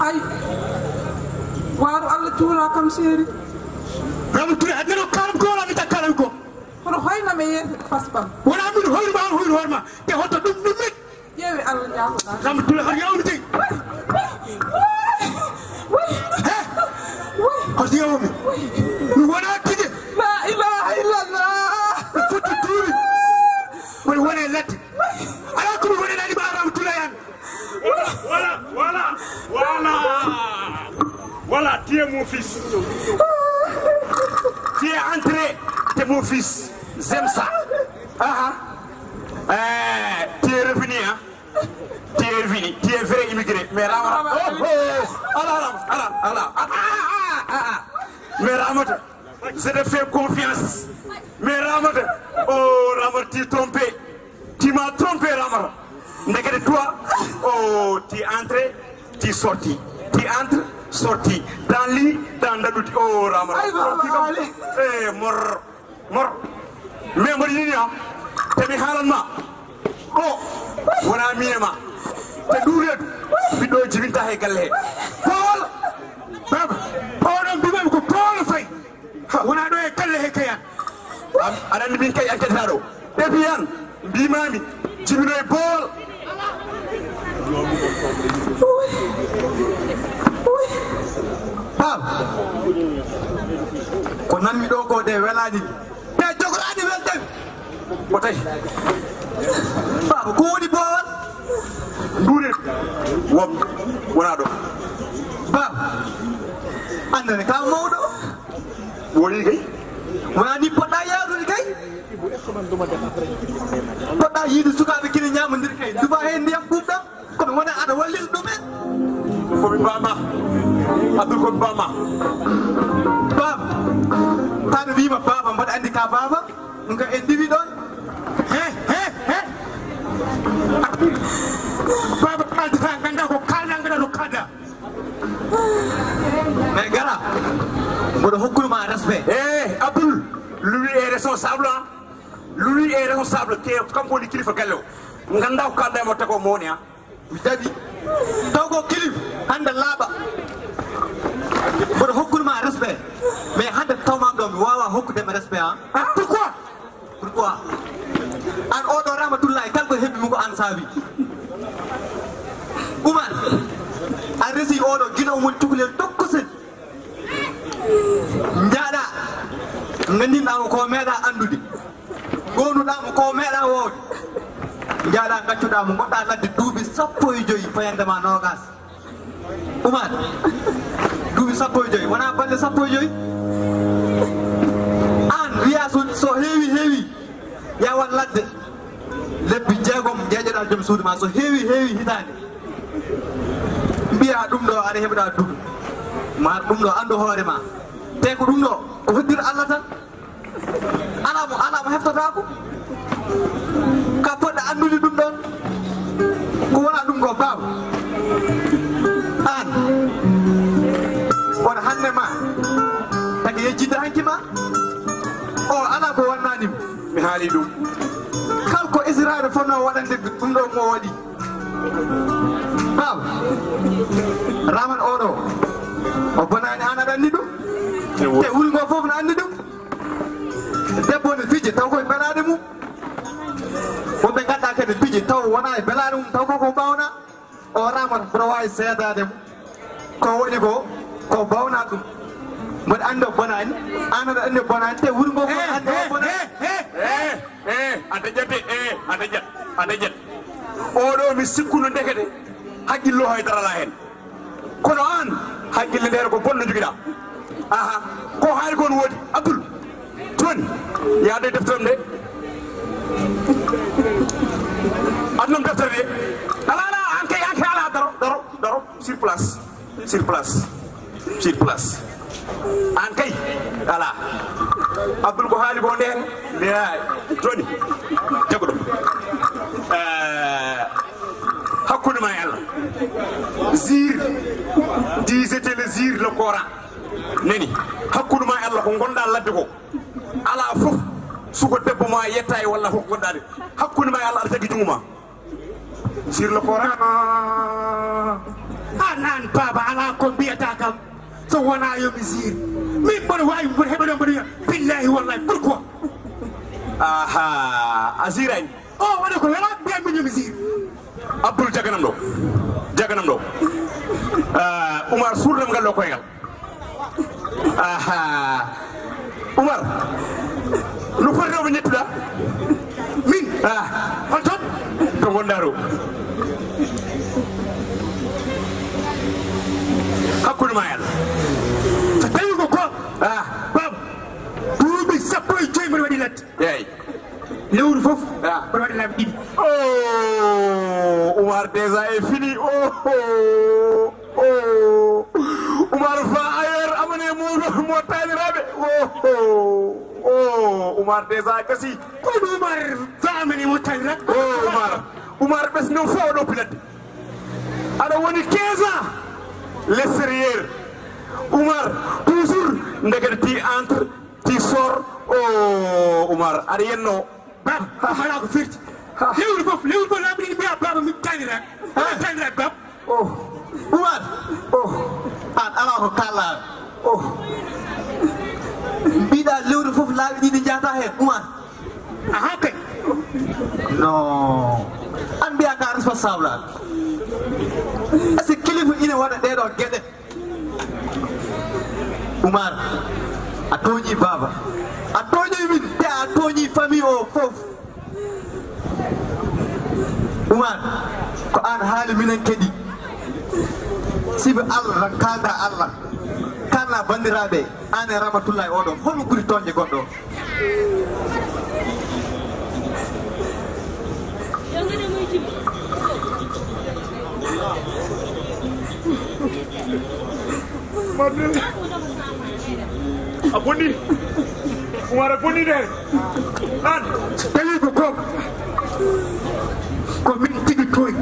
ay waaru allah tuura kam seeri ramtuuri ha neno kalam ko walami takkalam ko hono hoynama yeete fasbam wona min hoynuma an hoynu hoorema te hotto ɗum ɗum rek ƴeewi allah jaaoɗa ramtuuri hon yawmi tey hoto yewomi mi wonaat mon fils. Tu es entré, es mon fils. J'aime ça. Ah, ah. Eh, tu es revenu, hein Tu es revenu, tu es vrai immigré. Mais Ramata, oh, oh, Allah, Allah, Allah, ah, ah, ah, ah Ramata, je te fais confiance. Mais Ramata, oh Ramata, tu es trompé. Tu m'as trompé, Ramata. Malgré toi, oh, tu es entré, tu es sorti. Tu entres, sorti tan li tan daɗuti o ramaae mor mor mais mboɗi nini a temi haalanma ɗo wona mine ma te ɗureedu mbiɗɗo e jibinta he galle he kol bab oɗon mbimami ko kol fay wona ɗo e galle he kayan aɗa andi min kay an ketaɗo ɓefiyan mbimami jibinoye bool ko nanmi ɗo ko ɗe welani te jogoɗani welde ko tawi baba ko woni bowal nduure wonka wona ɗo baba andane ka mawɗo woni kay wonani poɗɗa yaarude kay poɗɗa yiide sukaɓe kine ñamodir kay duba hen ndiyam ɓuɓɗam kono wona aɗa wallil ɗumen komi bama abdoul komi bama bam taɗa wima baba mbaɗa andi ka baba ɗum ka en diwi ɗon baba kaldata ganda ko kalna gaɗa no kalda mais gara mboɗo hokkuluma respect e abdoul lui est responsable lui est responsable ke kanko woni kilifa galle o ganda ko kalda e mo tago mowoni a mi jaɓi taw ko kilif hande laaɓa mboɗo hokkudema respect mais hande tawmam ɗo mi wawa hokkudema respect an ah. ah, pourquoi pourquoi an oɗo rahmatullahi kala ko hebbi mum ko an saabi umar a resi oɗo guila o woni cukalel dokkusel jaaɗa gandinɗamo ko meeɗa andude gonuɗamo ko meeɗa woowde jaaɗa gaccuɗa mo goɗɗa ladde duuɓi sappo e joyi fayandema nogas umat duuɓi sappo e joyi wona balle sappo e joyi an wiya so so heewi heewi yawat ladde lebbi jeegom jeejeɗa joom suudu ma so heewi heewi hitaani mbiya ɗum ɗo aɗa heɓɗa duuɓi ma ɗum ɗo andu hoore ma te ko ɗum ɗo ko heddir allah tan anamo anamo heftotako ka poɗɗa andude ɗum ɗon ko wona ɗum ko baw an wona hande ma tagi yejjidde hanki ma o ala ko wannanim mi haali ɗum kala ko israde fonno waɗande ɗum ɗo mo waɗi baw raman oɗo o bonani an aɗa anndi ɗum e wuri ngo foof no anndi ɗum debbo ne fije taw koye wona e belaade mum taw koko mbawna o ramat mboɗo wawi seedade mu ko woni ko ko mbawna ɗum mboɗa andi o bonani an aɗa andi bonani te wurgo ko andi o bona adañate e adañat adañat oɗo mi sikkuno ndekede haqqillo hay darala hen kono an haqqille ndeere ko bonno joguiɗa aha ko haali kon woodi abdoul joni yaade deftorom nde annum deftere de alaala anke anke ala daro daro daro sur place sur place sur place an kay ala abdoul ko haali ko nden leyaay joni jago ɗum eh, hakkunde ma e allah jure dis était le jure le coran nani hakkunde ma e allah ko gonɗa ladde ko ala fof suko debbo ma yettaye walla hoko gonɗade hakkunde ma e allah aɗa tagui jungo ma sur le Coran anan baba ala oh, uh, ko mbiyata kam so yo yomi sir min mboɗo wawi mboɗo heɓano mboɗo billahi wallahi pourquoi aha asirani Oh, waɗa ko wela mbiyan min yomi sir abdoul jaganam ɗo jaganam ɗo Umar surdam ngal ɗo koyngal aha oumar no foti rewɗo ñettuɗa min ah, holton to gonɗa Oh, Umar Deza kasi. Kuma Umar fa amane mo Oh, Umar. oumar ɓes non fo oɗo pilade aɗa woni 15 ans l'extérieur oumar toujours ndegaɗa ti entre ti sor o oumar aɗa yenno ba hala ko firti lewru foof lewru foof laɓi ɓa baba mi tanira tanira bam oumar oh. oh. an ah, ala ko kallaɓe oh. mbiɗa lewru foof laaɓi ɗi ɗi jata hen oumar aha kay non fa sawlaɗo est ce que kilifa ina waɗa ɗeɗo gueɗe oumar a toñi baba a toñi min te a toñi famille o foof oumar ko an haali minen keɗi sifi allah tan kalda allah kalna bandiraɓe an e ramatullahi oɗo holo ɓuri toñde gonɗo mabbe a bonni umara bonni de an tawi ko kom ko min tigi toy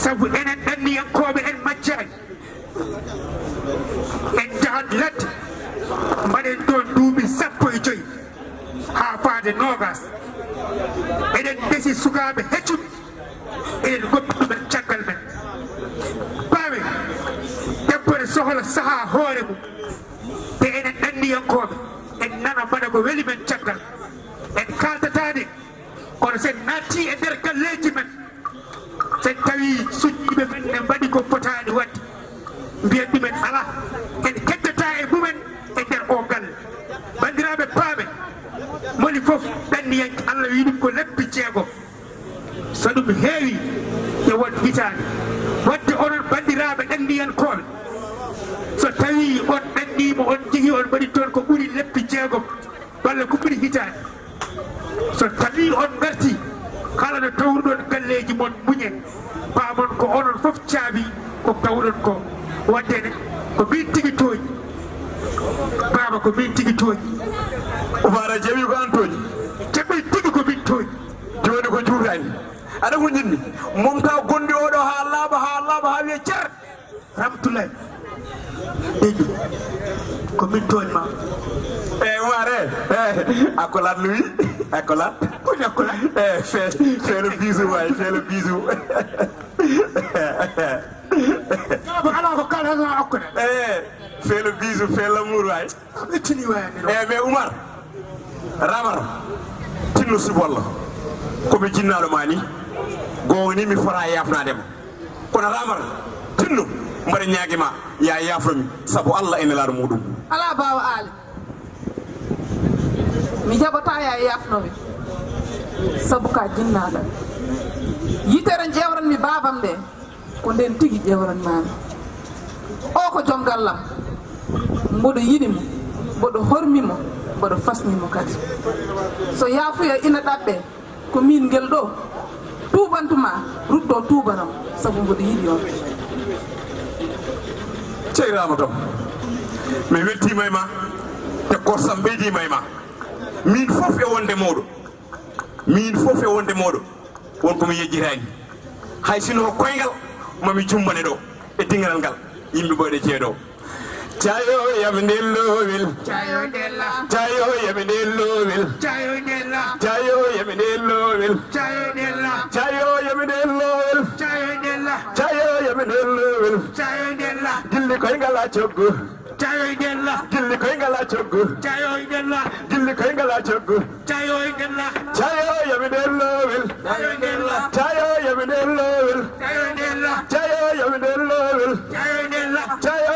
saabu enen ɓenniyankoɓe en maccani en jahat ladde mbaɗen toon duuɓi sappo e joyi ha faade nogas eɗen besi sukaɓe heccuɓe eɗen goppi ɗum ene sohla sahaa hoore mum te enen anndiyankooɓe en nana mbaɗa ko weli men caggal en kaaltataade kono sen natti e ndeer galleeji men sen tawii suƴƴiɓe men ne mbaɗi ko potaani waɗde mbiyen ɗum ɓuuri on ɗanndimo on jogui on mbaɗi toon ko ɓuuri lebbi jeegom walla ko ɓuuri hitade so tawi on garti kala no tawruɗon galleji moon muñe pamon ko onon foof caabi ko tawɗon ko waddene ko min tigui tooñi baba ko min tigui tooñi oumara jawi ko an tooñi jaɓɓi tigui ko min tooñi joni ko juutani aɗa ko jinmi momta gondi oɗo ha laaɓa ha laaɓa ha wiye car ramtoulaye Big, comitou ma. Eh, Maré, eh, acolado lui, acolado. Pode acolado. Eh, fais, fais le bisou, ouais, fais le bisou. Eh, fais le bisou, fais l'amour, ouais. Eh, mais Oumar, Ramar, tu nous subis là. Comme tu n'as le mani, goni mi fera yafna dem. Kona Ramar, tu nous. mbaɗa ñaagima ya yaafomi saabu allah ene laaɗo muɗum ala bawa aali mi jaɓata ya yaafnomi saabu ka jinnaɗan yitere ƴewranmi babam ɓe ko nden tigui ƴewranmami o ko joom gallam mboɗo yiɗimo mboɗo hormimo mboɗo fasnimo kadi so yaafuya ina ɗaɓɓe ko min guel ɗo tubantuma rutɗo tubanam saabu mboɗo yiɗi on ceyrama tam mi weltima e ma te korsam ɓeydima e ma min foof e wonde mawɗo min foof e wonde mawɗo wonkomi yejjirani hay sino ko koygal mami jumbane ɗo e dingalal ngal yimɓe ɓoyɗe ceeɗo cayo yaɓe nden lowel cayo yaɓe nden lowel cayo yaɓe nden lowel cayo yaɓe nden lowel cayo yaɓe nden lowel julli koy nga laa coggu cayooy ngeen la julli koy nga laa coggu cayooy ngeen la julli koy nga laa coggu cayooy ngeen la cayoo yami deen loowil cayooy ngeen la cayoo yami deen loowil cayooy ngeen la